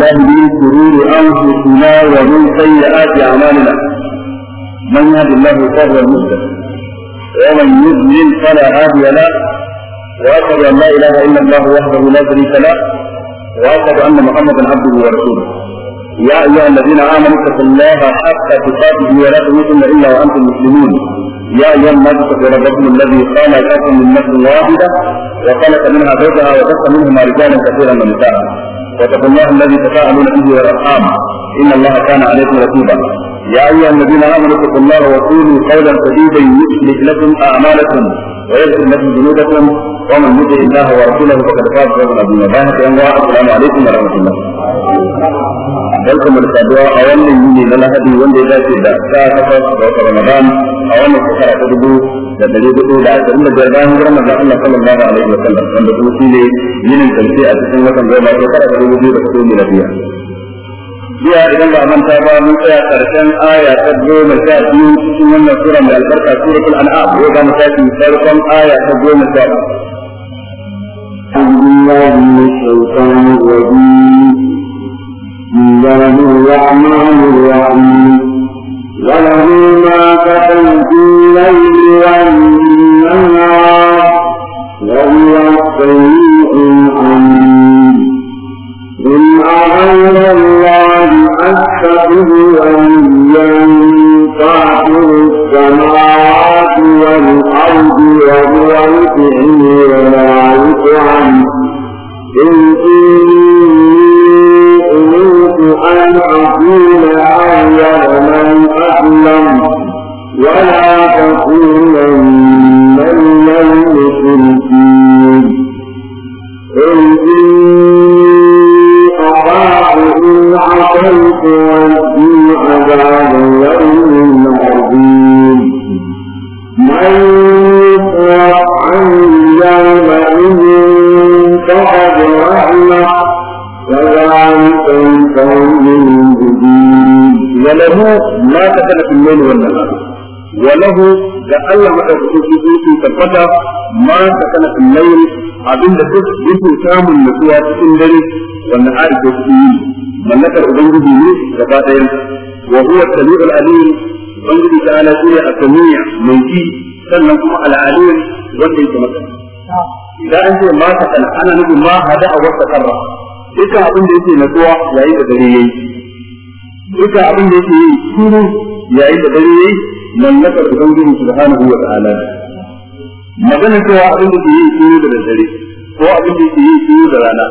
الله من شرور أنفسنا ومن سيئات أعمالنا من يهد الله فهو المهتد ومن يضلل فلا هادي له وأشهد أن لا إله إلا الله وحده لا شريك له وأشهد أن محمدا عبده ورسوله يا أيها الذين آمنوا اتقوا الله حق تقاته ولا تموتن إلا وأنتم مسلمون يا أيها الناس اتقوا ربكم الذي خلقكم من نفس واحدة وخلق منها زوجها وبث منهما رجالا كثيرا ونساء واتقوا الله الذي تساءلون به والأرحام إن الله كان عليكم رقيبا يا أيها الذين آمنوا اتقوا الله وقولوا قولا سديدا يصلح لكم أعمالكم ويغفر لكم ذنوبكم ومن يطع الله ورسوله فقد فاز فوزا عظيما بارك الله السلام عليكم ورحمه الله barkan mu da saduwa a wannan yini na lahadi wanda ya dace da ta takwas da wata ramadan a wannan shekara ta dubu da dari hudu da ashirin da biyar bayan hijirar manzon Allah sallallahu alaihi wa sallam wanda kuma shi ne yinin karshe a cikin watan goma shekara ta dubu biyu da hudu miladiya jiya idan ba manta ba mun tsaya karshen aya ta goma sha biyu cikin wannan sura mai albarka suratul mu farkon aya ta goma sha الرحمن الرحيم كتب tabbata ma ta kana kullayin abinda duk yake samun nutsuwa cikin dare wanda Aisha ta yi mallakar ubangiji ne gaba ɗayan wa huwa al alim ubangiji ta ala shi a samiya mai ji sannan kuma al al'alim wanda yake maka idan an ce ma ta kana ana nufin ma hada a wata karra dukkan abin da yake nutsuwa yayin da dare yayi dukkan abin da yake yi shiru yayin da dare yayi mallakar ubangiji subhanahu wa ta'ala magana cewa abin da ke yi shiru da dare ko abin da ke yi shiru da rana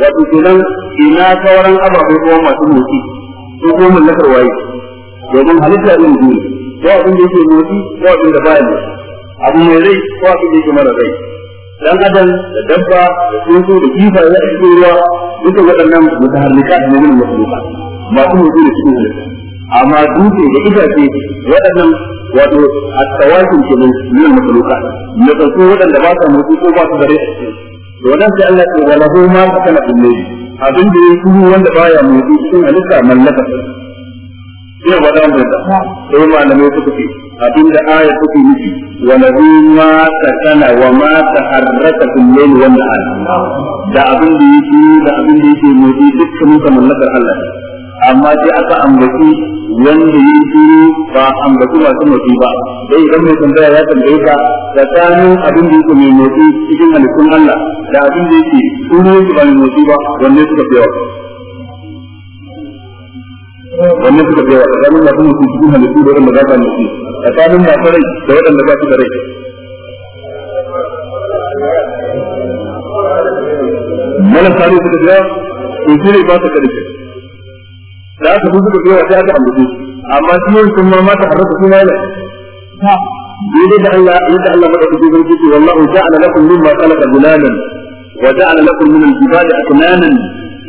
wato kenan ina sauran ababai ko masu motsi ko ko mallakar waye domin halitta din biyu ko abin da yake motsi ko abin da baya motsi abu mai rai ko abin da yake mara rai dan adam da dabba da tsuntsu da kifa da ake ruwa duka waɗannan mutaharrika ne mun masu motsi masu motsi da cikin halitta amma dutse da itace waɗannan wato a tawafin nan ne makhluka na dauko wadanda ba sa mutu ko ba su da rai to wannan sai Allah ya wala hu ma kana kullu abin da ya kuma wanda baya mutu ne halitta mallaka ina ba da mun da sai malamai su ce abin da aya take miki wala hu ma kana wa ma taharraka kullu wanda Allah da abin da yake da abin da yake mutu dukkan mallakar Allah amma sai aka ambaci wanda yi turu ba ambaci masu motsi ba dai idan mai tambaya ya tambaye ka da tsakanin abin da yake mai motsi cikin halittun Allah da abin da yake turu yake ba mai motsi ba wanne suka fi yawa wannan suka fi yawa tsanin masu motsi cikin halittu da wanda za ka motsi tsanin masu rai da waɗanda ba su da rai malaka ne suka fi yawa to shi ba su karfi aka zo suka biya sai aka ambace su amma shi ne sun ma ta harfa su mai ta dole da Allah yadda Allah madaukaki zai ce wallahu ja'ala lakum mimma khalaqa zilalan wa ja'ala lakum min al-jibali aknanan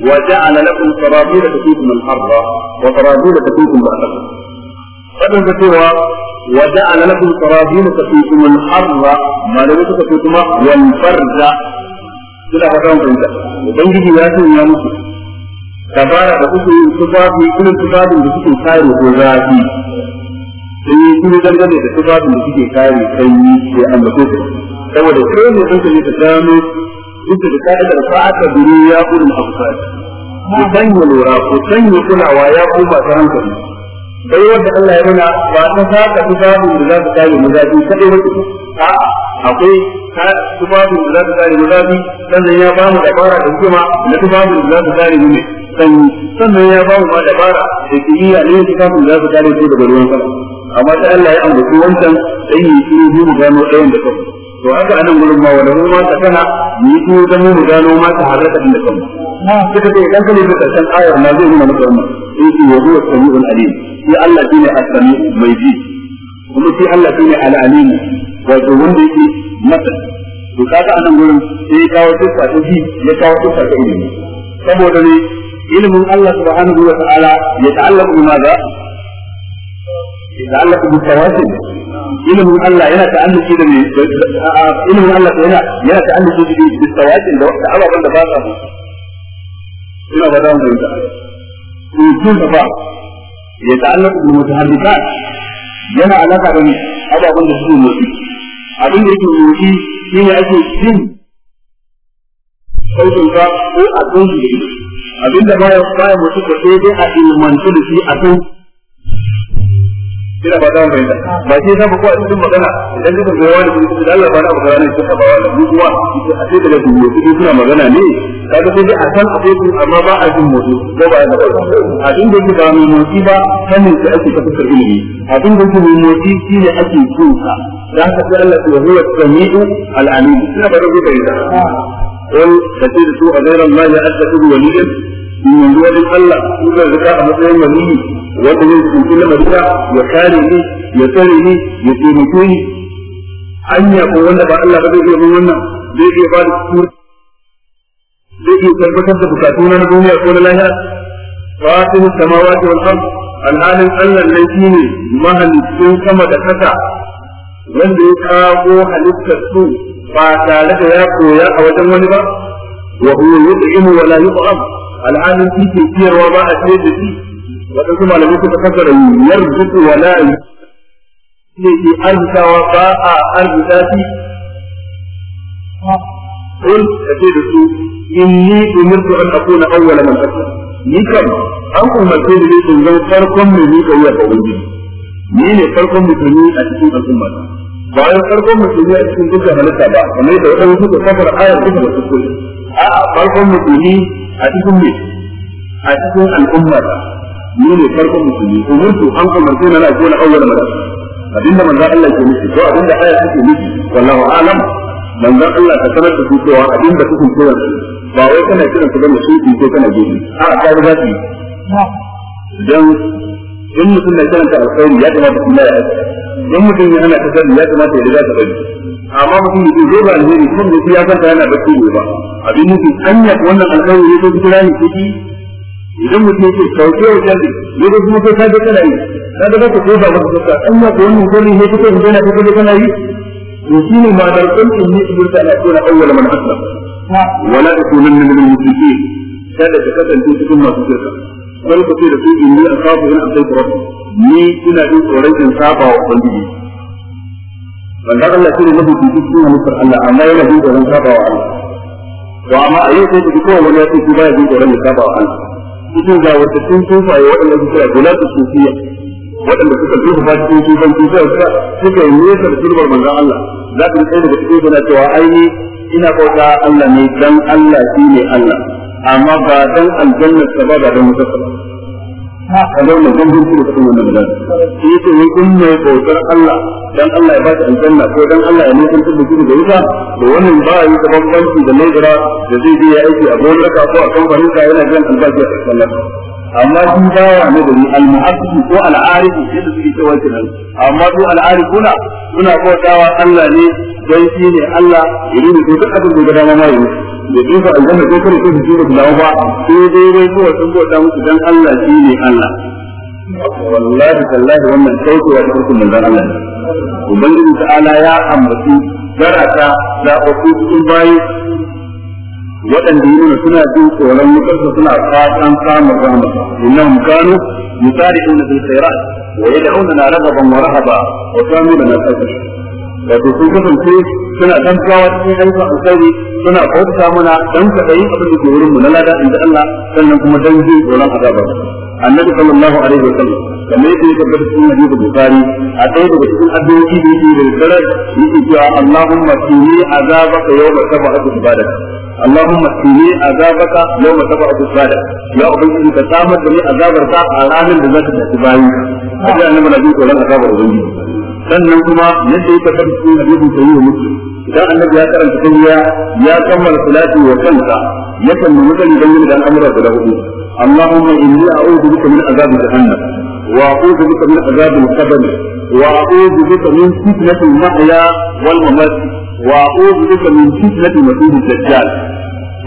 wa ja'ala lakum sarabila taqikum al-harra wa sarabila taqikum ba'dakum fadin da cewa wa ja'ala lakum sarabila taqikum al-harra ma da suka ce kuma wal farza kila fatan kunta ubangiji ya ce ya musu dabara da kuke yin su ba su da suke kare ko zafi sun eh, yi kuma dangane da su ba su da suke kare sanyi sai an da Ta saboda kai ne kuka ne ta gano duk da ka'idar fa'ata biyu ya ulul absar ku sanya lura ku sanya kulawa ya ku ta hankali dai wanda Allah ya nuna ba ta saka tufafin da za su kare mazafi kadai ba a'a akwai tufafu da za su tsare mu sannan ya ba mu dabara da hukuma na tufafu da za su tsare mu ne sannan ya ba mu ma dabara da kimiyya ne tufafu da za su tsare su daga ruwan sama amma ta Allah ya ambaci wancan sai yi su yi mu gano ɗayan da kanmu to haka anan gurin ma wanda mu ma ta kana yi shiru dan mu gano ma ta harraka din da kanmu suka ce idan ka lura karshen ayar na zai nuna maka wannan in shi wa huwa samiul alim shi Allah shine as-sami mai ji kuma shi Allah shine al-alim wato wanda yake masal to kaga anan gurin sai kawo tuka ta ji ya kawo tuka ta ilimi saboda ne ilimin Allah subhanahu wa ta'ala ya ta'allaka bi maza ya ta'allaka bi tawasul ilimin Allah yana ta'alluki da ilimin Allah yana yana ta'alluki da bi tawasul da wata ababan da ba sa ina ba da mu da to tun da ba ya ta'allaka bi mutaharrikat yana alaka da ababan da su motsi abin da yake yi shi ne ake jin sautin ka ko a tsohi abin da baya baya mutu ko sai dai a ilmantu da shi a tsohon ina ba ba a cikin magana idan kuka wani kuma da Allah ba na kuka ba wani kuma a cikin da kuma suna magana ne kaga sai a san akwai su amma ba a jin motsi ko ba a a da kuka mai motsi ba sanin ake ilimi a da kuka motsi shi ne ake Allah samiu da wanda zai tsinci lamarina ya kare ni ya tsare ni ya taimake ni hanya ko wanda ba Allah ba zai iya mun wannan zai iya ba da su zai iya tabbatar da bukatu na duniya ko na lahira fatihu samawati wal ard alhalin Allah ne shine mahalicin sama da kasa wanda ya kago halittar su ba tare da ya koya a wajen wani ba wa huwa yut'imu wa la yut'am alhalin shi ke ciyarwa ba a ce da shi waɗansu malamai suka da yarzuku wa la ne ke arzikawa ba a arzika shi kun ka ce da su in inni umirtu an akuna awwala man aslam ni kam an umarce ni sun zan farkon mai ni kai ya ubangiji ni ne farkon mutumi a cikin al'umma bayan farkon mutumi a cikin dukkan halitta ba kamar da wadansu suka kafara ayar duka su suke a farkon mutumi a cikin ne a cikin al'umma ni ne farkon musulmi umurtu an umarce na na ko na awwal mara abinda manzo Allah ke nufi ko abinda aya take nufi wallahu alam manzo Allah ta sanar da su cewa abinda kuke kiran su ba wai kana kiran su da su ko kana gidi a ka riga ki dan in mutum na kiran ta alkhairi ya kamata kuma ya aika in mutum ya hana ta sani ya kamata ya riga ta bari amma mutum ya zo ba alheri kun da ya kanta yana bacci ne ba abin nufi anya wannan alkhairi ne ko kira ni kiki idan mutum yake sauke wa jari yadda kuma kai ka kana yi ka ga ka ko ba ka an ya ko wannan gani ne kuka idan ka kaje kana yi to shine ma da kullum ne ibn ta na kona awwal man aslam wala takunanna min al-muslimin kada ka kasance cikin masu shirka wani kace da su inni asabu in asaitu rabbi ni ina jin tsoron in saba wa ubangiji wanda Allah shi ne mafi cikin halittar Allah amma yana jin tsoron saba wa Allah to amma a yau kowa wani ya ce shi baya jin tsoron saba wa Allah cikin zawartattun sufaye waɗanda gula sufiya waɗanda suka ba cikin suka suka yi nesa da turbar manzan Allah za ka tsaye daga cikin suna cewa aini ina bauta Allah ne dan Allah shi ne Allah amma ba dan aljannar ba ba dan wutar ba a zauna don jinsu da shi mai bautar Allah dan Allah ya aljanna ko dan Allah ya nufin da shi da wuta da wannan ba yi da bambanci da laifira da zai je ya aiki a gonar ka ko a kamfanin ka yana jan a amma shi ne da ni ko shi da suke cewa amma su suna Allah ne don shi ne Allah ya duk abin da ya dama ma yi da tsufa aljanna ko kare tsufa su da ba sai dai dai ko sun bauta musu dan Allah shi ne Allah wallahi tallahi wannan sauke wa cikin manzon Allah ne. ubangiji ta'ala ya ambaci garata da uku cikin bayi waɗanda yi nuna suna jin tsoron mutarsa suna fatan samun rahama innahum kanu yusari'una bil khairat wa yad'una na ragaban wa rahaba wa kanu na sabira wato sun kasance suna dan gawa cikin ayyukan alkhairi suna bauta mana dan kadai abin da ke wurin mu na lada inda Allah sannan kuma dan ji annabi sallallahu alaihi kamar yadda ya tabbata cikin hadisi a ɗaya daga cikin addu'o'i da yake da dare yake cewa Allahumma azabaka yawma اللهم قني عذابك يوم تبع الصالح يا ubangiji ka samar da ni azabarka a ranar da zaka tafi bayi sai azabar sannan kuma yadda yake kan cikin hadisin sahihu muslim idan annabi ya karanta tahiyya ya kammala salati wa kansa ya kan mutane dangane da al'amura guda hudu اللهم إني أعوذ بك من عذاب جهنم وأعوذ بك من عذاب القبر وأعوذ بك من wa المحيا والممات وأعوذ بك من فتنة المسيح الدجال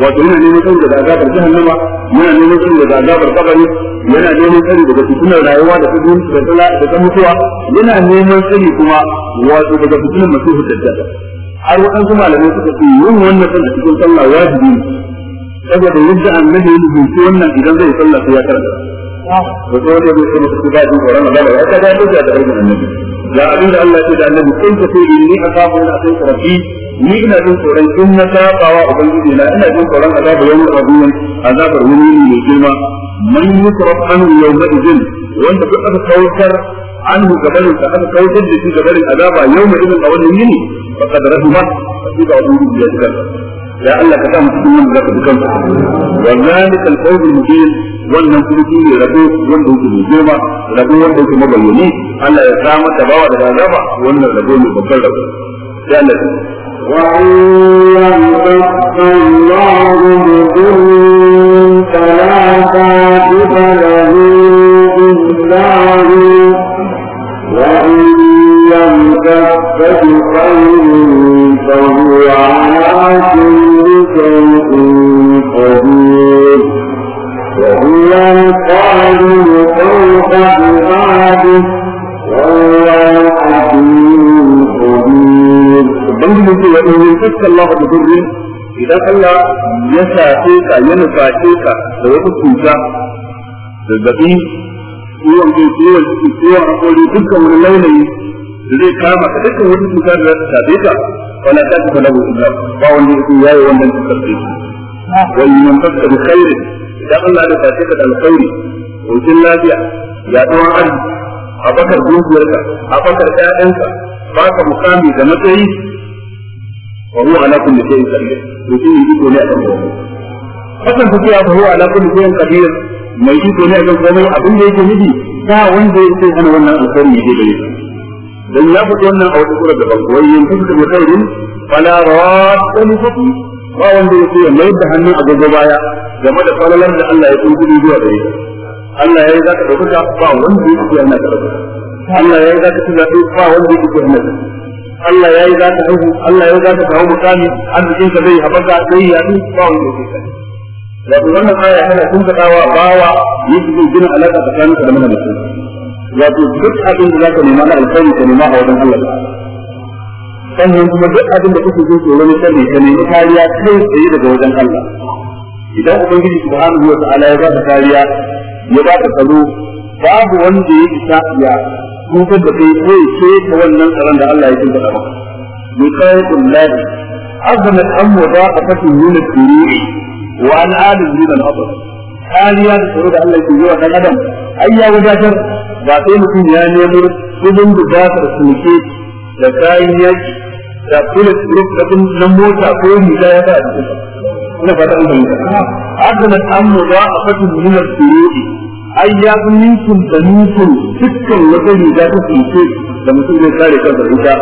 wato yana neman tsari daga azabar jahannama yana neman tsari daga azabar kabari yana neman tsari daga fitinar rayuwa da kudin da tsala da ta mutuwa yana neman tsari kuma wato daga fitinar masihu dajjal har waɗansu malamai suka ce yin wannan sallah cikin sallah wajibi ne saboda yadda annabi ya rubuce wannan idan zai sallah sai ya karanta wato wanda ya rubuce masa kuɗaɗin ƙoran Allah ya ta ga da aikin annabi ga abin da Allah ya da annabi kun ka sai a akabu na sai rabbi ni ina jin tsoron in na sabawa ubangiji na ina jin tsoron azabu yawan rabbi azabar wani mai girma man yusraf anhu yawma idin wanda duk aka kawar anhu gabarin da aka kawar da shi gabarin azaba yawma idin a wannan yini faqad rahima sai ga ubangiji ya ji ya Allah ka sa mu cikin wanda zaka dukan su wa wannan kuma ne rabo wanda yake mai girma rabo wanda yake mabayyani Allah ya sa ta bawa da azaba wannan rabo ne babban rabo ya Allah وإن يمسك الله بضر فلا كاشف له إلا هو وإن لم تستطع فهو على كل wa in idan Allah ya sace ka ya nuface ka da wata cuta da gabi ciwon kai ciwon ciki ciwon hakori dukkan wani launayi da zai kama ka dukkan wani cuta da za ta ka wala ta ka lahu illa ba wanda ya yi wannan cutar da shi wa in bi khairin idan Allah ya sace ka da alkhairi ko lafiya ya yaduwar arziki a bakar dukiyarka a bakar ƴaƴanka ka mukami da matsayi wa huwa ala kulli shay'in qadir to shi iko ne a kan komai hakan take ya huwa ala kulli shay'in qadir mai iko ne a kan komai abin da yake nufi ba wanda ya ce ana wannan alkhairi ne da yake dan ya fito wannan a wata kura daban wai yin kuka da khairin fala radda li hukmi ba wanda ya ce mai da hannun agogo baya game da falalar da Allah ya tsugudu zuwa gare shi Allah ya yi za ka ɗaukaka ba wanda ya ce yana ka ɗaukaka Allah ya yi za ka ci zaɓe ba wanda ya ce yana ka Allah ya yi za ka haihu Allah ya yi za ka kawo mukami arzikin ka zai haɓaka zai yi ba wanda ya ce wato wannan aya tana tun kaɗawa bawa yi su gina alaƙa tsakanin ka da mana mutum wato duk abin da za ka nema na alkhairi ka nema a wajen Allah sannan kuma duk abin da kuke jin tsoron sani ka nemi kariya kai tsaye daga wajen Allah idan ubangiji subhanahu wa ta'ala ya ba ka kariya ya ba ka tsaro babu wanda ya isa ya kuka da kai ko ce ta wannan tsaron da Allah ya kinta da maka bi qaidin lahi azama al-amru da qatatu min al-duru'i wa an adam min al-abr kariya da tsaro da Allah ke yi wa dan adam ai ya wadatar ba sai mutum ya nemo kudin da za ka sulke da kayan yaki da bullet proof da kun nan mota ko riga ya ba a cikin ina fata an fahimta azama al-amru da qatatu min al-duru'i ai ya fi ninkin da ninkin dukkan wata riga ta tsince da mutum zai kare kansa ita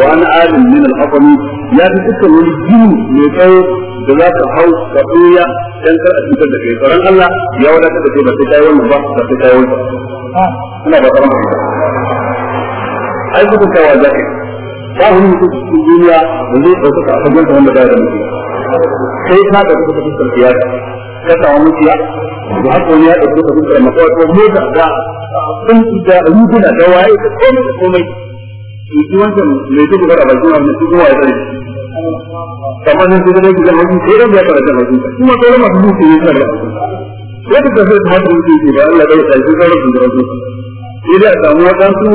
wa ana adam min al-afami ya fi dukkan wani gini mai tsawo da za ka hau ka tsoya dan kar a cutar da kai tsaron Allah ya wadatar da kai ba sai kai wannan ba ba sai kai wannan ina ba tsaron ai kuka kawa da kai ba wani mutum cikin duniya da zai ɗaukaka a fagen wanda ba da mutum sai ka ɗauka ta fuskar siyasa ya samu mutiya da haka wani ya ɗauke ta dukkan na kawai ko mota da sun da rubuna da waye da komai da komai to shi wancan mai duk da bakin wani su kuma ya tsare kamar sun su gane gidan wani ko ran ya tsare da bakin ka kuma sauran masu mutu ne tsare da bakin ka sai da sai ta hada mutu ne da Allah bai tsare da bakin ka samu wadansu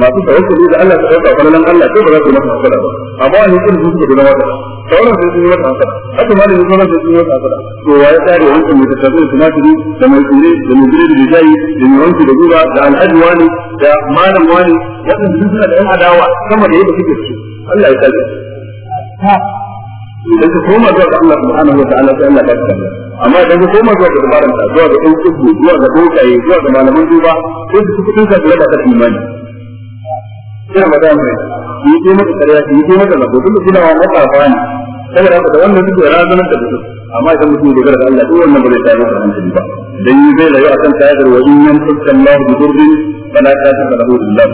masu tawakkali da Allah ta dauka kwanan Allah sai ba za su masa hakura ba amma wani kin su suka gudanar da sauran sai sun yi masa hasara haka ma da yi sauran sai sun yi masa hasara to wa ya a wancan mai tattafin tumatiri da mai tsire da mai gire da bijayi da mai wanki da guba da alhaji wani da malam wani waɗanda sun suna da yan adawa sama da yadda suke su Allah ya tsare idan ka koma zuwa ga Allah subhanahu wa ta'ala sai Allah ya tsare amma idan ka koma zuwa ga dabaran zuwa ga ɗan kudu zuwa ga dokaye zuwa ga malaman duba sai su kuɗin ka da ta imani sai Ramadan ne yi ke mata karya yi ke mata rabo duk da wa mata bani saboda haka da wannan duk razanar da mutum amma idan mutum dogara da Allah duk wannan ba zai tafi da hankali ba dan yi zai rayu akan tayar wa in yan sallallahu bi durrin fala tasaba lahu illa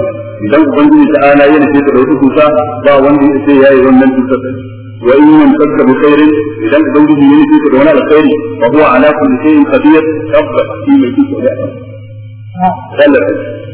idan ubangiji ta ala yana ce da wata kusa ba wanda ya ce yayi wannan kusa wa in yan sallallahu bi khairin idan ubangiji yana ce da wani alkhairi fa huwa ala kulli shay'in qadir tabbata shi mai kusa da Allah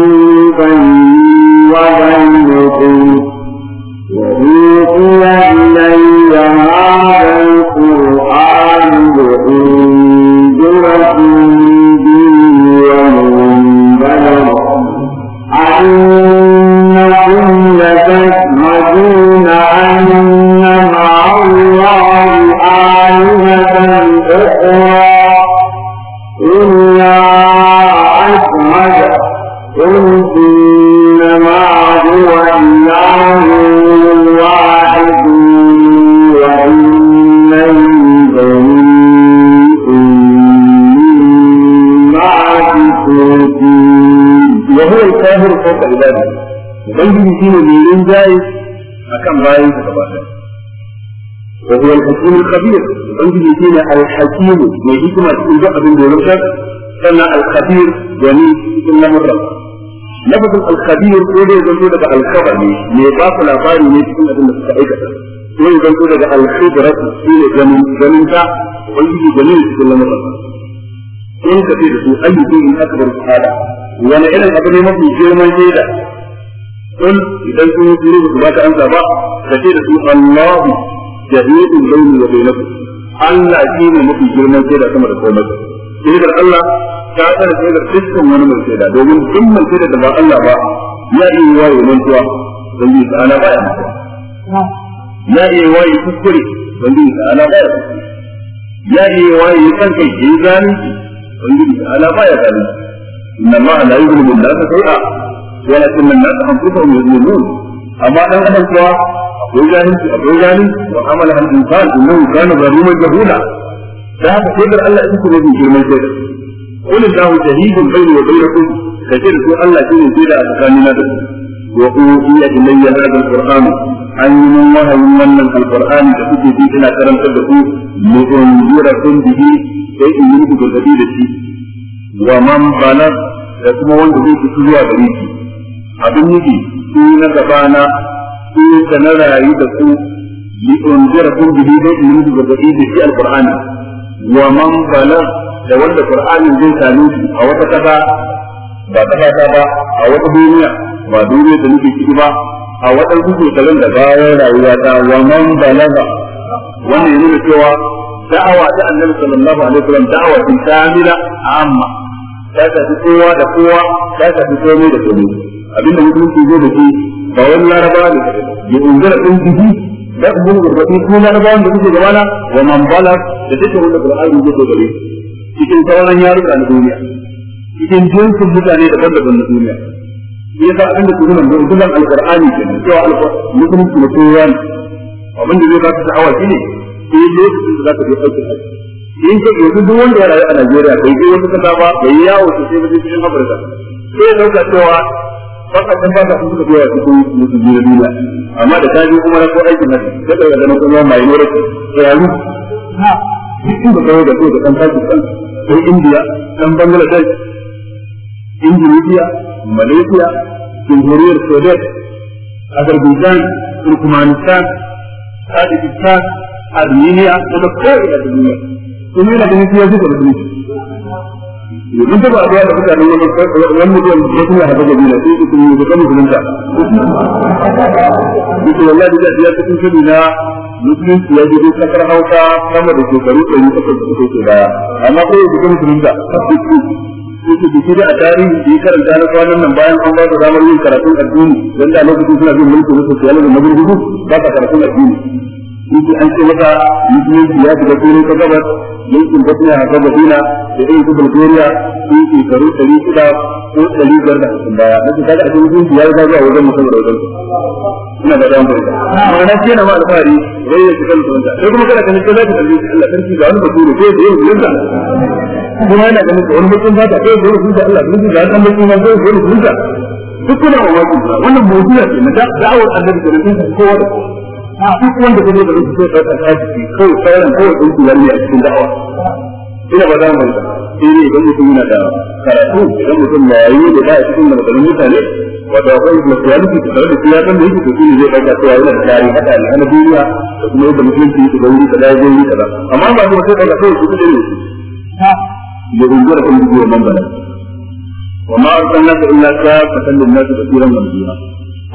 شيء الحكيم يجيكم إذا قدم دولتك كان الخبير جميل إن لم يرد لفظ الخبير هو يظن لك الخبر ميقاف الأطاري يجيكم أدن السعيدة هو يظن لك الخبرة سيلة جميل جميل تا ويجي جميل إن لم يرد إن كثير في أي دين أكبر هذا وأنا إلى الأبد ما في جيوما جيدا قل إذا كنت تريد أن تبقى فكيف الله جهيد بيني وبينكم Allah shi ne mafi girman shaida sama da komai shaidar Allah ta tsara shaidar dukkan wani mai shaida domin duk mai shaida da ba Allah ba ya iya yi waye mantuwa don bi ta'ala baya mantuwa ya iya yi waye kuskure don bi ana baya ya iya yi waye kan kai ya gani zalunci don bi ta'ala baya gani. inna ma la yuzlimu an-nasa shay'a walakinna an-nasa anfusahum yuzlimun amma dan adam kuwa akwai a akwai zalunci wa amala al in innahu kana zaliman jahula da haka sai da Allah in kuma bin girman sai kullu dahu shahidun bayni wa bainakum kace da su Allah shi ne sai da tsakanina da ku wa uhiya ilayya hadha al qur'an an yi mun wahayin wannan al qur'an da kuke ji ina karantar da ku mu mu'unzirakum bihi sai in yi ku gadi da shi wa man balag da kuma wanda zai fito zuwa gare shi abin nufi shi na gabana su ka na rayu da su li unzira kun bihi da in yi da bai da shi al'ƙur'ani. wa man bala da wanda qur'anin zai same shi a wata ƙasa ba kasa ta ba a wata duniya ba duniya da nake ciki ba a wata waɗansu shekarun da bayan rayuwa ta wa man balaga wannan yana cewa da'awa ta annabi sallallahu alaihi wasallam da'awa ta kamila amma ta tafi kowa da kowa ta tafi komai da komai abinda musulunci zai da shi ba wani larabawa ne ya ungara ɗin jiki da kuma gurbatin ko larabawa da kuke gabana wa man bala da take wanda qur'ani zai zo gare cikin sauran yaruka na duniya cikin jinsin mutane daban-daban na duniya sa an da kuma nan dukkan alqur'ani ke cewa alqur'ani musulunci ne ko yana abin da zai ba ta sha'awa shine sai lokacin da zaka je aikin haji in ka yanzu duk wanda ya rayu a Najeriya bai je wata kasa ba bai yawo sosai ba cikin Afirka sai ya dauka cewa kasashen ba ka sun suka biya cikin musu biyu duniya amma da ta je kuma na ko aikin haka sai ka ganin kuma mai nore tsayayyu duk inda kawai da kai da kan Pakistan sai India dan Bangladesh Indonesia Malaysia Jamhuriyar Sudan Azerbaijan Turkmenistan Tajikistan Armenia da kai da duniya kuma yana ganin ya zuba da duniya yanzu ba a da mutane wani mutum kuma haɗa da sai su yi da kan da ya shiri na musulunci ya gudu kasar hausa sama da shekaru ɗari uku da suke baya amma ko yanzu kan yake da a tarihi da ya karanta na kwanan nan bayan an ba su damar yin karatun addini don da lokacin suna bin mulkin na sosiyalism ba ka karatun addini yake an ce maka ya shiga turai ta gabas yankin bosnia herzegovina da irin su Bulgaria su shekaru ɗari shida ko ɗari biyar da hamsin baya na su kaga a cikin jinsi ya riga zuwa wajen mutum da wajen ina da dan bai ma'ana ce na ma alfahari da ya da mutum da kuma kada ka nake zaka kalli Allah sarki ga wani da yau da kuma yana ganin wani mutum ba ta kai da wani da Allah ga mutum ba da wani ce na da'awar annabi da rubutu kowa da kowa duk wanda da rubutu ina ba za mu manta sai ne idan mutum yana da karatu idan mutum na yi da ba a cikin maganganun mutane wato akwai masiyalisi da tare da shi ya san da yake to shi ne zai ɗauka cewa yana da tarihi haɗa ne hana duniya da kuma yadda musulunci yake da wuri kaza zai yi kaza amma ba su wata ɗauka kawai su kuɗe ne su ya rungu da kan dubu wa man bala wa ma arsalna ka illa ta ka da nasu da tsiran wani duniya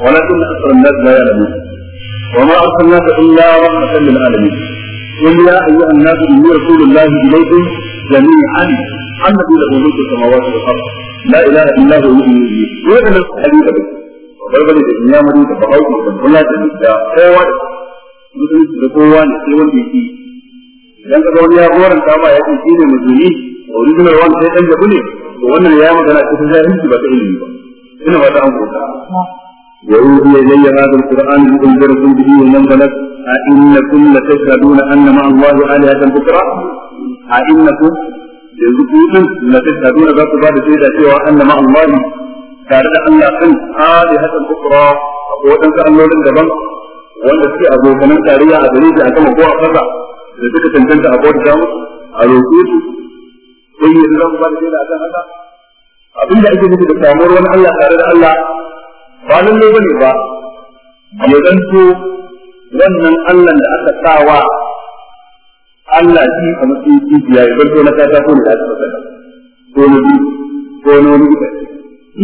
walakin asran nas la ya'lamun wa ma arsalna ka illa rahmatan lil alamin قل يا أيها الناس إني رسول جميعا ان نقول له ملك السماوات والارض لا اله الا هو يؤمن به ويعمل الحديث به ويقول لك يا مريم فقوت من كل هذا المدة قوة مثل القوة التي ولدت فيه لأن قول يا قوة أنت أبا يأتي فينا مدوني وأريد أن يوان شيئا يقولي وأن يا مريم أنا كنت سائل أنت بتعلمي هنا ما دعم قوة يقول لي إلي هذا القرآن لأنذركم به ومن ظلت أئنكم لتشهدون أن مع الله آلهة أخرى a innakum yanzu ku din la tashhaduna za ku ba da shaida cewa annama Allah tare da Allah kan alihatan ko akwai wadansu allolin daban wanda suke abokanan tarayya a gare shi a sama ko a kasa da suka tantanta a bauta musu a roƙe su sai yanzu za ku ba da shaida akan haka abin da ake nufi da samuwar wani Allah tare da Allah ba lallai bane ba ya zanto wannan Allah da aka sawa Allah shi a matsayin kibiya ya bar na kata ko ne da aka faɗa ko na biyu ko na wani ita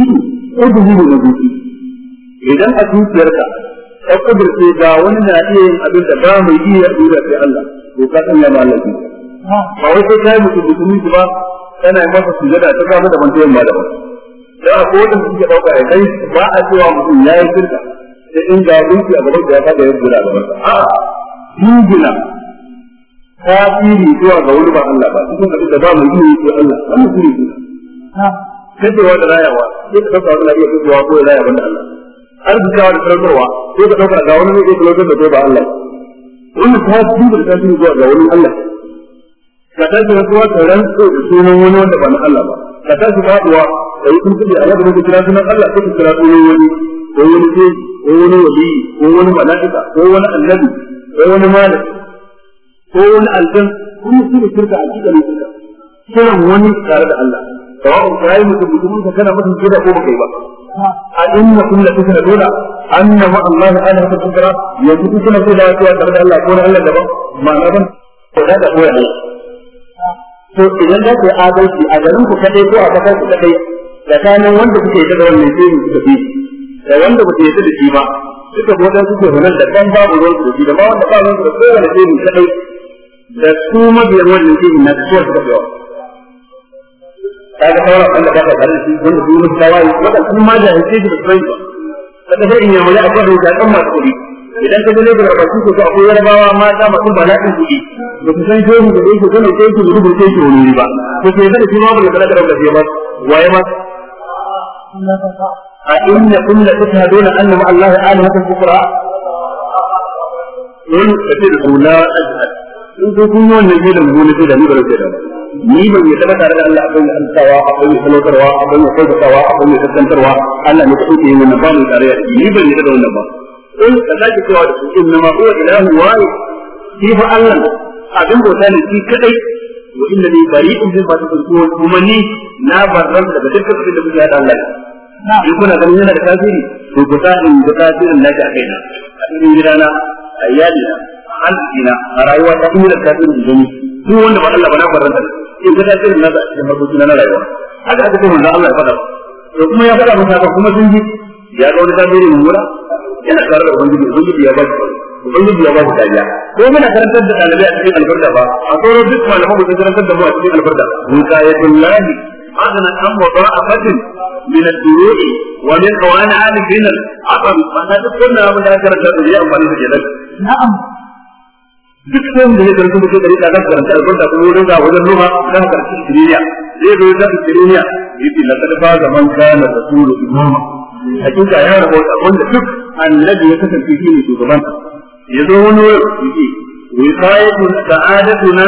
ido ko ne na zuci idan a zuciyarka ka kudurce ga wani na iya yin abin da ba mai iya dora sai Allah to ka san ya ma Allah ba wai sai kai mutum mutumin ba kana masa sujada ta zama da mantuwan malama da ko da suke dauka ya kai ba a cewa mutum ya yi shirka sai in ga gunki a gaban da ya fada ya jira gaban sa a jingina tasiri zuwa ga wani ba Allah ba cikin abin da ba mu yi sai Allah wannan shi ne ha kacewa da rayawa sai ka dauka wani iya kacewa ko ya raya banda Allah arzikawa da talautarwa sai ka dauka ga wani ne ya talautar da kai ba Allah wannan tasiri da tasiri zuwa ga wani Allah ka tashi rasuwa ka rantsa da sunan wani wanda ba na Allah ba ka tashi faduwa da yi kun kudi a yadda muka kira sunan Allah ko ka kira sunan wani ko wani ce ko wani wali ko wani mala'ika ko wani annabi ko wani malami ko wani aljan kun su ne shirka a cikin shirka kiran wani tare da Allah sawa'un ka yi mutum mutumin ka kana mutum ke da ko baka yi ba a inna kun la tusna dola, anna ma Allah ana ta tukara yanzu kun kuna sai da ya tare da Allah ko na Allah daban ma'ana ban ko da da koyar to idan da ku adalci a garin ku kadai ko a kasar ku kadai tsakanin wanda kuke yi da wannan sai ku tafi da wanda kuke yi da shi ba duka ko dan kuke hunan da kan babu ruwan ku da ma wanda ba ruwan ku da kowane sai ku kadai da su mabiyar wannan shehi na kasuwar suka Ta ga sauran wanda ba ka tare da shi wanda su musu tawaye wanda sun ma da hanke shi da su ba ta sai in yamuri a kwadon jakan masu kuɗi idan ka gane da rabatu ko akwai yarbawa mata masu bala'in kuɗi da ku san shehu da yake gane ko yake rubu ko yake wani ba ko sai da shi ma ba da kana da rabatu ba waye ma a inna kullu tashhaduna anna ma Allah alihatu kufra in ko kun yi wannan gidan mu ne da ni ba zai da ni ba yi taba tare da Allah akwai alƙawa akwai salautarwa akwai kwaikwaitawa akwai kaskantarwa Allah ne kuke yin wannan ba mu tare ni ban yi da wannan ba in ka zaki cewa da su inna ma huwa ilahu wahid shi fa Allah abin bauta ne shi kadai wa inna li bari'un min ma tushrikun kuma ni na barran daga dukkan abin da kuke hada Allah Na in kuna ganin yana da tasiri to ku sa in da tasirin nake a kaina a cikin gidana a iyalina arziki a rayuwa ta kuma da kafirin gani duk wanda ba Allah ba na faranta in ka tafi na da cikin harkokin na rayuwa haka aka ce Allah ya faɗa to kuma ya faɗa masa kuma sun ji ya ga wani kafiri mun wura yana tare da ubangiji ubangiji ya ba shi ubangiji ya ba shi dariya ko muna karantar da ɗalibai a cikin albarda ba a sauran duk malaman mu karantar da mu a cikin albarda mutayatullahi أغنى أم وضاعفة من الدروع ومن قوان عالي الجنة أقل ما هذا كنا من ذاكرة الدنيا أم نعم duk wanda ya karanta mutum dari da zaka karanta albarka kuma wurin ga wajen noma dan karanta shiriya sai da zaka shiriya yace laqad fa zaman da rasulu imama hakika ya rabo wanda duk annabi ya kasance shi ne shugaban yazo wani wurin yace wisayatu sa'adatuna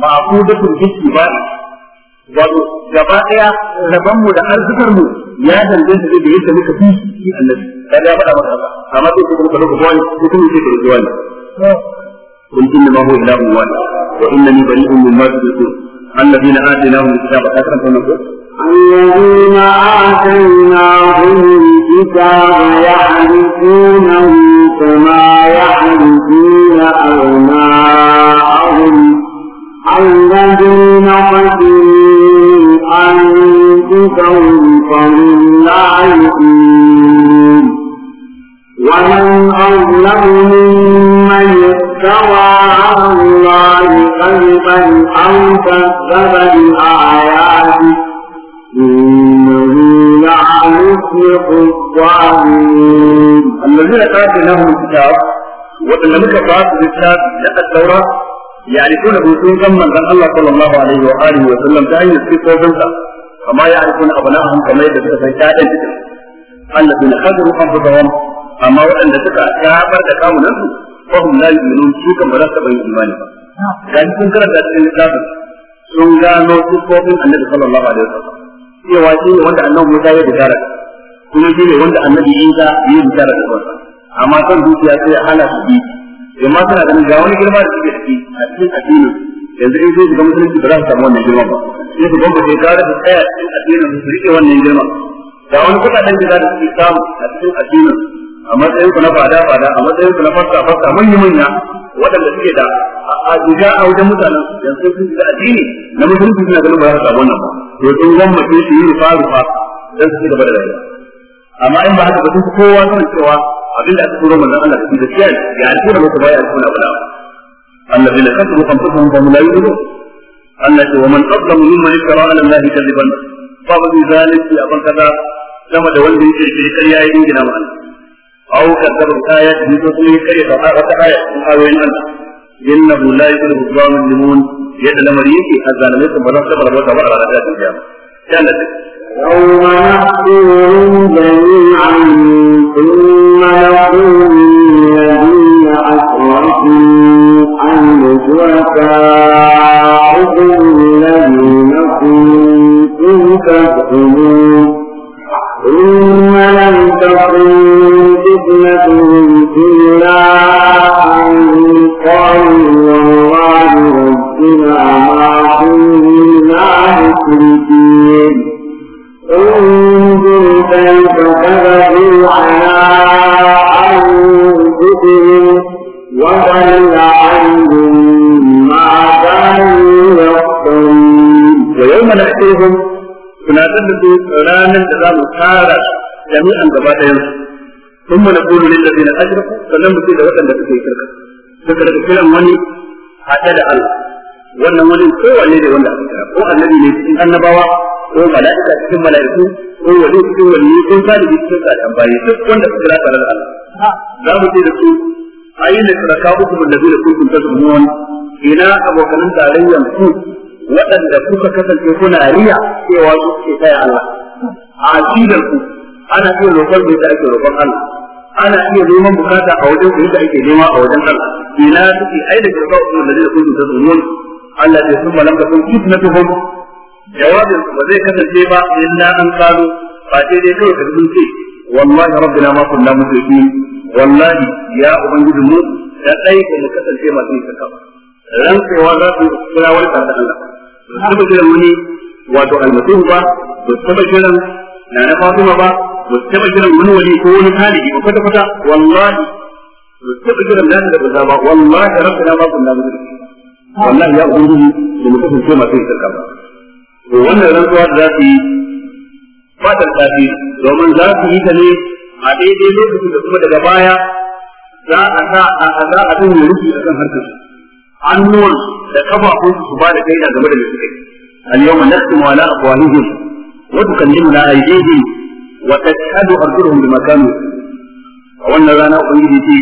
ma'qudatun bi-ittiba'i wato gaba daya raban mu da arzikar mu ya danganta da yadda muka fi shi annabi kada ya faɗa maka amma sai kuma ka lokacin wani ko kuma sai ka rubuwa ne قل انما هو اله واحد وانني بريء مما تشركون الذين اتيناهم الكتاب اكثر الذين آتيناهم الكتاب يحرفونه كما يحرفون أبناءهم الذين قتلوا أنفسهم فهم لا يؤمنون ومن أظلم ممن افترى على الله كذبا أو كذب بآياته إنه لا يفلح الظالمون الذين لهم الكتاب وإن لم يكفاك الكتاب التوراة يعرفون بوسوم كم من الله صلى الله عليه وآله وسلم دائما في قوبنسا كما يعرفون أبنائهم كما يدرس في كائن الذين خذوا أنفسهم أما وأن تكا كابر تكاونا fahim la yu'minun su kan ba za su taɓa imani ba da shi sun karanta cikin littafin sun gano sufofin annabi sallallahu alaihi wasallam cewa shi ne wanda annabi Musa ya bishara kuma shi ne wanda annabi Isa ya bishara da kansa amma kan dukiya sai hana su bi amma suna ganin ga wani girma da suke ciki a cikin addinin. yanzu in zai shiga musulunci ba za su samu wannan girma ba sai su gwamnati ya kare su tsaya cikin addinin su rike wannan girma ga wani kuɗaɗen da za samu a cikin addinin a matsayin ku na fada fada a matsayin ku na fasta fasta manya manya waɗanda suke da a duka a wajen mutanen yanzu sun da addini na musulunci suna ganin ba za su samu wannan ba to sun gwamnati su yi rufa rufa don su gaba da rayuwa amma in ba haka ba sun kowa sanin cewa abin da aka turo manzon Allah cikin gaskiya ya alƙura muku baya alƙura bala annabi la kasu kan fasu ba mu layi ne Allah ce wa man aqlam mimman iftara ala Allah kadiban fa bi zalika ya ban kaza sama da wanda yake kirkariya ya dingina ma Allah أو كذب آية من تطوير كي أعطى آية من آوين أنا إنه لا يكره الظالمون يد لمريك حتى لم يكن بلغت صبر على ذات الجامعة كانت يوم نحشرهم جميعا ثم نقول للذين أشركوا أن شركائكم الذين كنتم تزعمون ثم لم تكن فتنتهم إلا أن قالوا والله ربنا ما كنا مشركين انظر كيف كذبوا على أنفسهم وضل عنهم ما كانوا يفترون ويوم نحشرهم lullube ranar da za mu fara jami'an gaba ɗayan sun mana kulu da zina ashraku sannan mu ce da waɗanda suke shirka suka daga kiran wani haɗe da Allah wannan wani kowanne ne wanda aka kira ko annabi ne cikin annabawa ko mala'ika cikin mala'iku ko wani cikin wani ko salihi cikin salihan bayi duk wanda aka kira tare da Allah za mu ce da su ayyana shirka hukumar da zai da kuntum tazmunun ina abokan tarayyan ku waɗanda kuka kasance kuna riya cewa su ke taya Allah a aqidar ku ana iya roƙon da yadda ake roƙon Allah ana iya neman bukata a wajen ku yadda ake nema a wajen Allah ina suke ai da kirka ku da zai kuntu ta zuwan Allah ya sun malam ka sun fitnatuhum jawabin ba zai kasance ba illa an kano ba sai dai kawai ka sun wallahi rabbina ma kunna mushrikin wallahi ya ubangijinmu da dai ba mu kasance masu shirka ba rantsewa za su kira wani ta Allah ba su taba kiran wani wato almasihu ba ba su taba kiran na na fatima ba ba su taba kiran wani wani ko wani taliki ba kwata kwata wallahi ba su taba kiran da da ba ba wallahi na ba kunna mushrikin wallahi ya ubangiji da mu kasance masu yin sarka ba to wannan rantsuwa da za su yi ba ta tafi domin za su yi ta ne a daidai lokacin da kuma daga baya za a sa a za a tun yi rufi a kan harkar annuwan da kafafun su ba da kaida game da suke al-yawm nakhtimu ala afwahihim wa tukallimuna aydihim wa tashhadu arjuluhum bima kanu a wannan rana ubangiji ce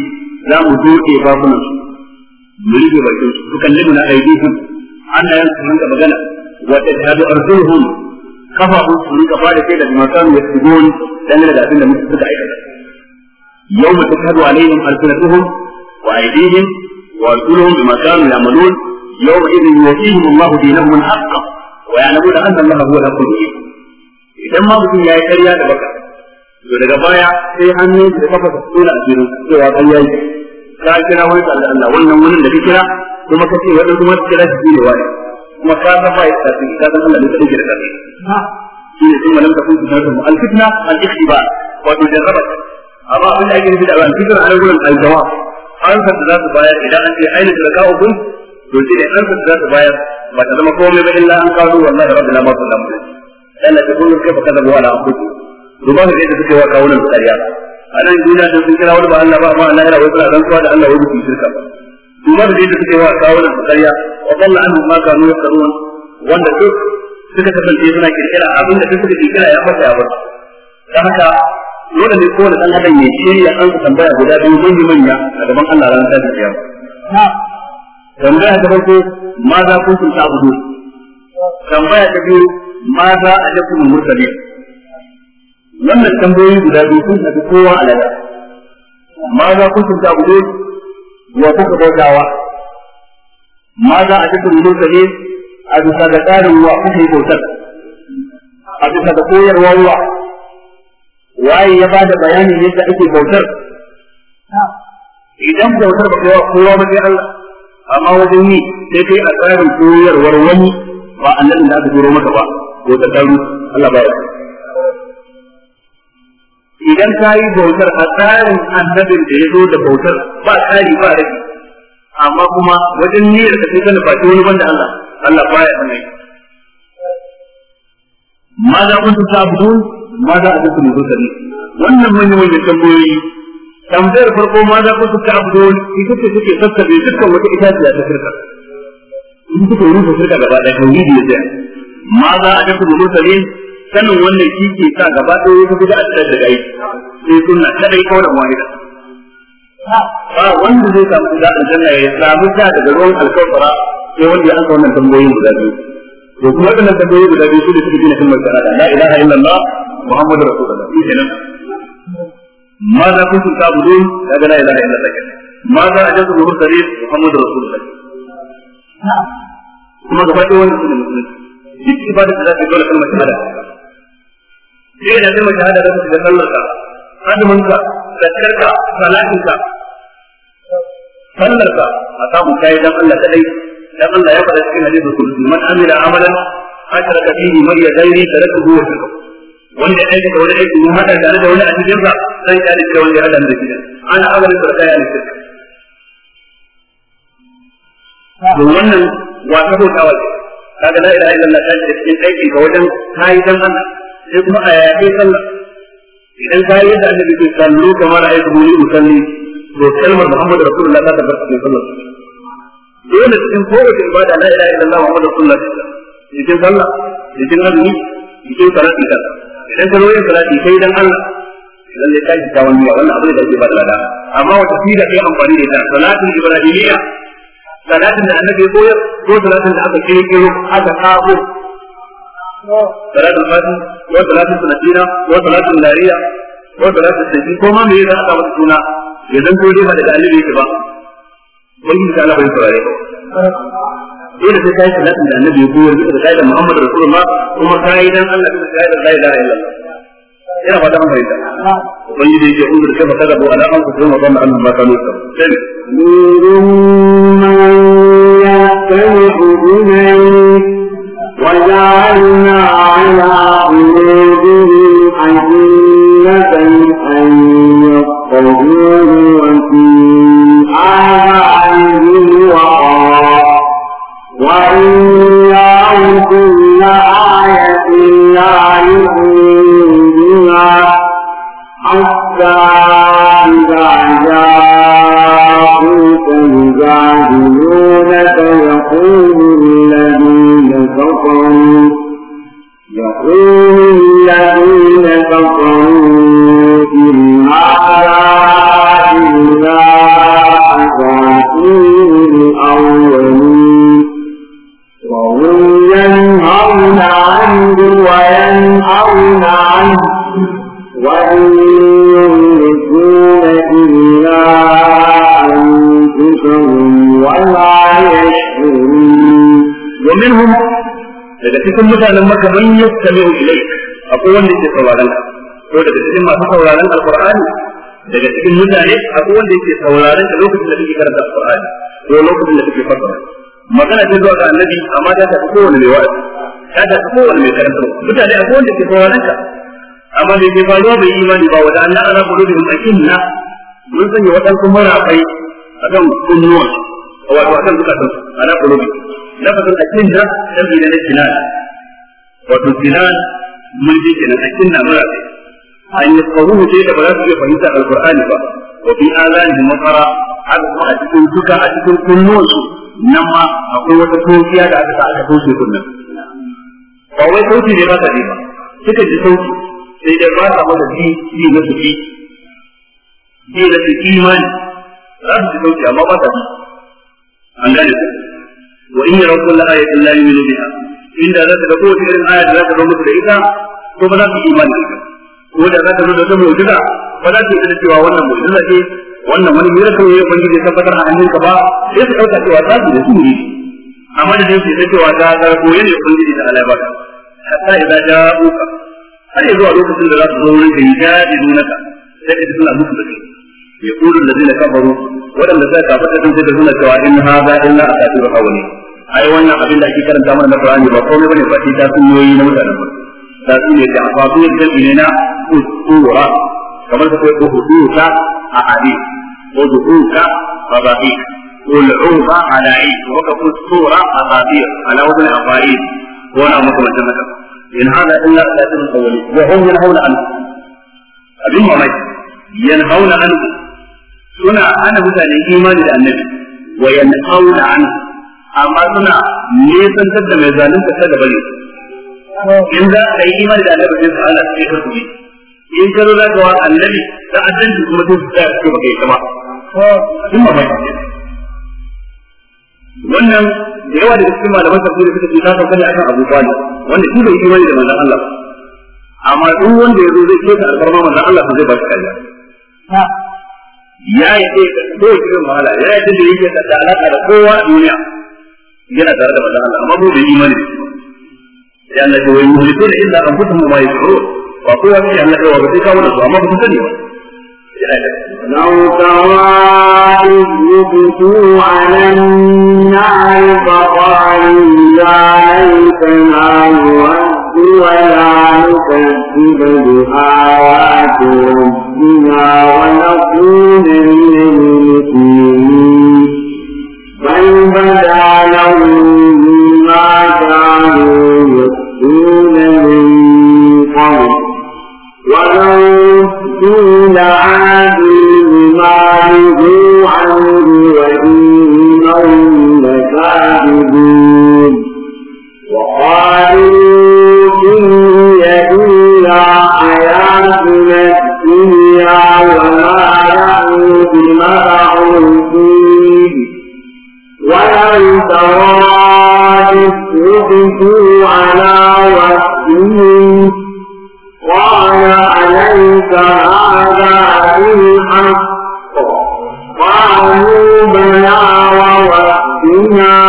za mu doke babunan su mu rike bakin su tukallimuna aydihim annayan su rinka magana wa tashhadu arjuluhum kafafun su rinka ba da kaida bima kanu yasbun dangane da abin da suka aikata yawma tashhadu alaihim alsinatuhum wa aydihim وأنزلهم بما كانوا يعملون يومئذ يوفيهم الله دينهم الحق ويعلمون أن الله هو الحق المبين إذا ما بكم يا إيكاريا لبكر يقول لك بايع في عني لبكر تقول أجل سوى الأيام قال كلا ولد على الله ولنا ولنا لك كلا ثم تقول ولد ما تكلا تقول وائل ثم قال ما بايع تقول كلا ولد لك أجل تقول ثم لم تكن في هذا الفتنة الاختبار وتجربت أراء الأجل في الأبان فكرة على قولا الجواب an san da za su bayar idan an ce ainihin shiraka'ukun to shi ne an san da za su bayar ba ta zama komai ba illa an kawo wallahi rabbina ma sun lamu dan da kullu kai baka zama wala aku duba ga yadda suke wa kawunan su ƙarya a nan duniya da sun kira wani ba Allah ba amma Allah yana wasu ran da Allah ya rubuta shirka ba duba ga yadda suke wa kawunan su ƙarya wa dalla anhu ma kanu yaqulun wanda duk suka kasance suna kirkira abin da suka kirkira ya fasa ya bar dan haka dole ne kowane dan adam ne ce ya an tambaya guda biyu yi manya a gaban Allah ran ta kiyama tambaya ta farko ma za ku kun ta gudu tambaya ta biyu ma za a lakum murtali wannan tambayoyi guda biyu sun tafi kowa a lada ma za ku kun ta gudu wa kuka bautawa ma za a lakum murtali a bisa da tsarin wa kuka yi bautar a bisa da koyarwa wa waye ya bada bayanin yadda ake bautar idan bautar ba kowa kowa ba sai Allah amma wajen yi sai kai a tsarin koyarwar wani ba annabi da aka turo maka ba ko da daru Allah ba ya idan ka yi bautar a tsarin annabin da ya zo da bautar ba tsari ba rabi amma kuma wajen niyyar ka sai kana nufaci wani banda Allah Allah ba ya sanar ماذا كنتم تعبدون؟ ma za a duka ne zo tare wannan manyan manyan tambayoyi tambayar farko ma za ku suka abu don ita ce suke sassabe dukkan wata itaciya ta shirka in suka yi rufe shirka gaba ɗaya tauhidi ya tsaya ma za a duka ne zo tare sanin wannan shi ke sa gaba ɗaya ya fi da a cikin daga aiki sai suna kadai kauran wahida ba wanda zai samu da aljanna ya samu da daga ruwan alkawfara sai wanda ya aka wannan tambayoyin guda biyu to kuma waɗannan tambayoyi guda biyu su da suke gina kalmar shahada la ilaha illallah muhammadu rasulullah shi kenan ma za ku ta budu daga la ilaha illa allah ma za ajatu bi mursalin muhammadu rasulullah kuma gaba ɗaya wannan sunan musulunci duk ibada da za ta dole kalmar shahada sai da kalmar shahada da kuma sallarka azuminka zakkarka salatinka sallarka a samu kai dan Allah kadai dan ya faɗa cikin hadisi kullu wanda aiki da wani aiki mun hada tare da wani a cikin ba, san ya da wani ya hada da shi ana amalin da ya yi shirka to wannan ko ta bauta wa kaga la ilaha illallah ta ce cikin aiki ga wajen kai dan Allah sai kuma a yayi sallah idan kai da annabi ke sallu kamar aiki muni musalli to kalmar Muhammad Rasulullah ta tabbata cikin sallah dole cikin kowace ibada la ilaha illallah Muhammad Rasulullah cikin sallah cikin azumi cikin salati ta idan ka zo yin salati kai dan Allah lalle ka ji tawon duwa wannan abu da ake ba da amma wata sida kai amfani da ita salatin ibrahimiyya salatin da annabi koyar ko salatin da aka kirkiro aka kawo salatin fati ko salatin sunatina ko salatin lariya ko salatin sabi ko ma me yana aka wata suna idan ko dai ba daga annabi yake ba ubangiji ta Allah bai saurare ka dole sai yi salatin da annabi ya koyar da kaidar Muhammad Rasulullah kuma kai dan Allah da la ilaha illallah ina fata an fahimta ubangiji yake unzur kafa kaza bu ala anfusihim wa dhanna annahum la kanu yastabun nurun man yastami'u ilayk wa ja'alna ala qulubihim وأريناه كل آية لا يؤمن بها حتى إذا جاءوك يجادلونك يقول الذين كفروا يقول الذين كفروا cikin mutanen maka man yastami'u ilai akwai wanda yake sauraron ka ko daga cikin masu sauraron alqur'ani daga cikin mutane akwai wanda yake sauraron ka lokacin da kake karanta alqur'ani ko lokacin da kake fasara magana ce zuwa ga annabi amma ta tafi kowane mai wa'azi ta tafi kowane mai karanta mutane akwai wanda yake sauraron ka amma da ke faruwa bai imani ba wanda Allah ana kudu da mutakin na mun sanya waɗansu marafai akan kunnuwan wato akan zukatan ana kudu lafazin akinna dabi da kinan wato kinan mun ji kenan akinna mara kai an yi faru ce da ba za su iya fahimta alqur'ani ba wa fi azanihim maqara a cikin duka a cikin kunnuwansu nan ma akwai wata tofiya da aka sa aka toshe kunnan ba wai sauti ne ba ta ba suka ji sauti sai dai ba sa mata ji ji na su ji ji na su imani za su ji sauti amma ba ta ji an gane su wa in yaraw kullu ayatin la yu'minu biha inda za ta ga kowace irin aya da za ta da ita to ba za su imani da ko da za ta zo da ta mu'jiza ba za su yi cewa wannan mu'jiza ce wannan wani miracle ne ubangiji ya tabbatar a hannunka ba sai su dauka cewa za su da su ne amma da sai ta cewa ta ga koyi ne ubangiji da alaba hatta idza ja'uka har yanzu a lokacin da za su zo wurin da yajidunaka sai ka suna musu da kai يقول الذين كفروا ولم تكافئ تنسى تقول إن هذا إلا أساطير الأولين ai wannan abin da ake karanta mana na Qur'ani ba komai bane ba sai ta sunnoyi na mutanen ba ta sunne da afafiyar dalbi ne na usura kamar ta kai uhuduka a hadis ko dukuka fadafi ul'uba ala ai wa ka usura afafiyar ala wajen afafiyar ko na makamantan haka in hada illa salatul awwali wa hum yanhauna an abin mamaki yanhauna an suna ana mutane imani da annabi wa yanhauna an amma suna nisantar da mai zalunta ta gaba ne in za a yi imani da annabi sai su Allah su ka su in ka zo za ka wa annabi da addanci kuma sai su tsaya su ba kai kama sun ba mai wannan da yawa da cikin malaman tafsiri suka ce ta san ne akan Abu Talib wanda shi bai imani da manzon Allah amma in wanda ya zo zai ce ta alfarma manzon Allah sai ba shi kariya ya yi ce ko kiran mahala ya yi da yake da alaƙa da kowa a duniya yana tare da manzon Allah amma mu bai imani da sai Allah ya wai muhliku da illa mu ma yashurun ba kowa ne Allah ya wa kawo da su amma ba sani ba لو ترى إذ يبتوا على النار فقالوا يا ليتنا نرد ولا نكذب بآيات ربنا ونكون من المسلمين بل بدا ما كانوا يخفون من قبل ولو كنت عادي بما نهوا عنه وإنهم لكاذبون وقالوا إن هي إلا حياتنا الدنيا وما نحن بمبعوث هل ترى إذ على وجههم قال أليس هذا بالحق قالوا بلى ووحدنا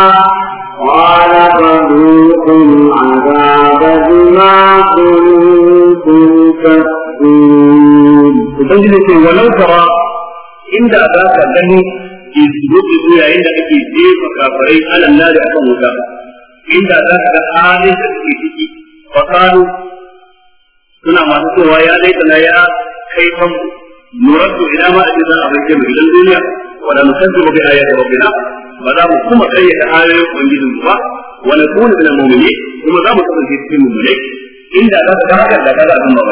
قال فذوقوا العذاب بما كنتم تكفرون. وبنجد ولو ترى إن ذاك الذي yuqidu yayin da ake jefa kafirai ala nari akan wuta inda za ka ga halin da suke ciki fa qalu suna masu cewa ya laita ya kai kanmu nuraddu ila ma ajizan abin kemir idan duniya wala nusabbihu bi ayati rabbina ba za mu kuma kayyata ayoyin ubangijin ba wa nakunu min al-mu'minin kuma za mu kasance cikin mu'minai inda za ka ga hakan da kaza abin ba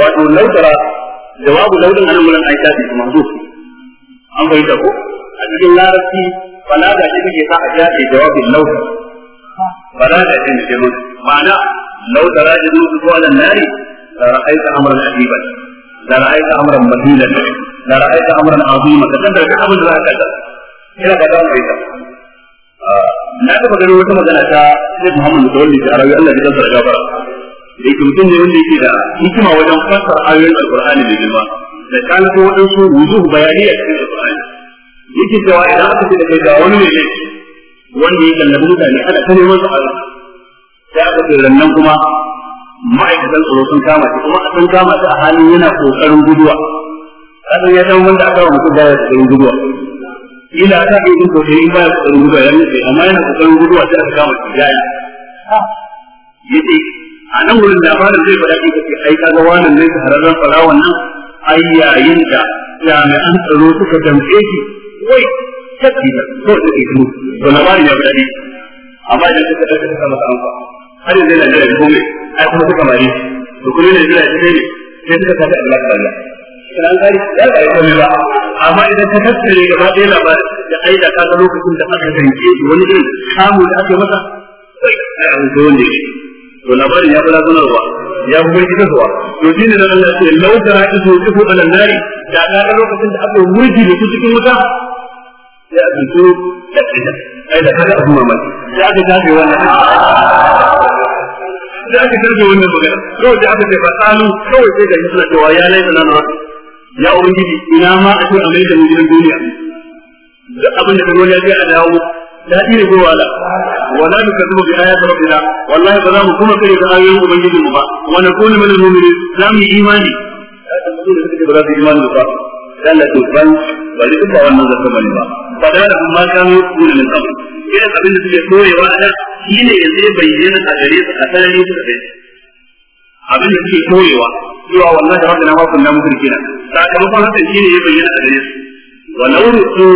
wato lautara jawabu laudan annabi an aisha bi mahzuf an bayyana ko a cikin larabci da shi kake sa a jaɗe jawabin lauhi da shi ne ma'ana lau da rajin mutu zuwa nan nari da ra'aita amran ajiban da ra'aita amran mahilan da ra'aita amran azima da kan da duk abin da za ka ga ina ga dan kai na taɓa ganin wata magana ta sai Muhammad wani ta Arabi Allah ya da gafara da yake mutum ne wanda yake da hikima wajen fassara ayoyin Alƙur'ani da girma da kalafin waɗansu wujuhu bayani a cikin Alƙur'ani yake cewa idan aka ce da kai ga wani ne laifi wanda ya kallabi mutane ana ta neman su Allah sai aka ce rannan kuma ma'aikatan tsaro sun kama shi kuma a sun kama shi a halin yana kokarin guduwa kasan ya san wanda aka mutu ya kokarin guduwa ila ta yi din to sai ba kokarin guduwa ya nufi amma yana kokarin guduwa sai aka kama shi yayi yace a nan wurin labarin zai faɗa ki kace ai kaga wannan ne ta farawan nan ayyayin ai ya da jami'an tsaro suka damke shi wai tafi da ko da ke su to na mari ya bi amma idan ka kada ka masa amfa har yanzu yana da komai ai kuma suka mari to kullun ne jira shi ne sai suka kada Allah ta Allah kana gari ya komai ba amma idan ka tattare gaba ɗaya labarin da ai da ka lokacin da aka danke wani irin kamu da aka masa wai ai an zo ne to na labarin ya bala zanarwa ya fi gurgi zuwa to shine nan Allah ce lau tara isu kifu ala nari da da lokacin da aka wurgi da cikin wuta sai a da kida ai da kada abu mamaki sai aka tafi wannan sai aka tarbe wannan magana kawai da aka ce fa tsalu kawai sai ga yi da cewa ya laifin nan ya ubangiji ina ma a ce amai da mu gidan duniya duk abin da ka zo ya ce a dawo daɗi ne ko wala wala mu kazuba bi ayati rabbina wallahi ba za mu kuma kai da ayoyin ubangijin mu ba wa nakunu min al-mu'minin za mu yi imani ba za su imani ba dan la tuban ba ni ba wannan zaka bane ba fa da mun ma kan yi ne kan irin abin da suke koyewa a da shine yanzu ya bayyana a gare su a sarari su da abin da suke koyewa cewa wallahi rabbina ma kunna mushrikina sakamakon hakan shine ya bayyana a gare su walau rusu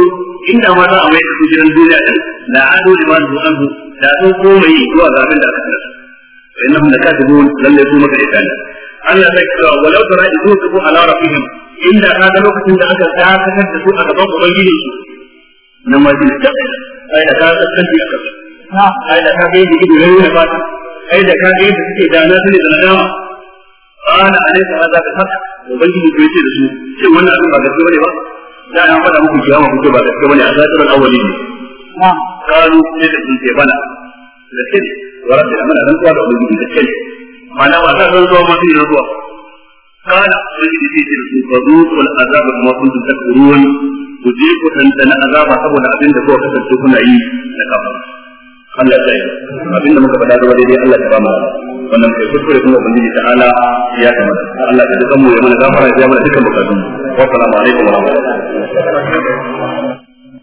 inda ma za a mai da su gidan duniya din la adu lima zu anhu da sun komai zuwa ga abin da aka tsara innahum lakatibun lalle su maka itani Allah zai cewa walau tara idu tubu ala rabbihim inda kaga lokacin da aka dakatar da su a gaban ubangiji su nan ma shi da ai da ka tsanci aka ai da ka ga yadda ido yayi na fata ai da ka da na faɗa muku kiyama kuke ba gaske bane a zakiran awwali ne kanu ne da sun ce bana da kai wa rabbi amana ran da ubangiji da kai mana wa ta ran zuwa masu yin zuwa kana ubangiji ce da su fadu wal azab kuma kun takurun ku je ku tantana azaba saboda abin yi na ya da muka faɗa da Allah ya ba wannan kai kuskure kuma ubangiji ta ala ya kamata Allah ya dukan mu ya mana gafara ya mana dukkan bukatun mu wa assalamu alaikum wa rahmatullahi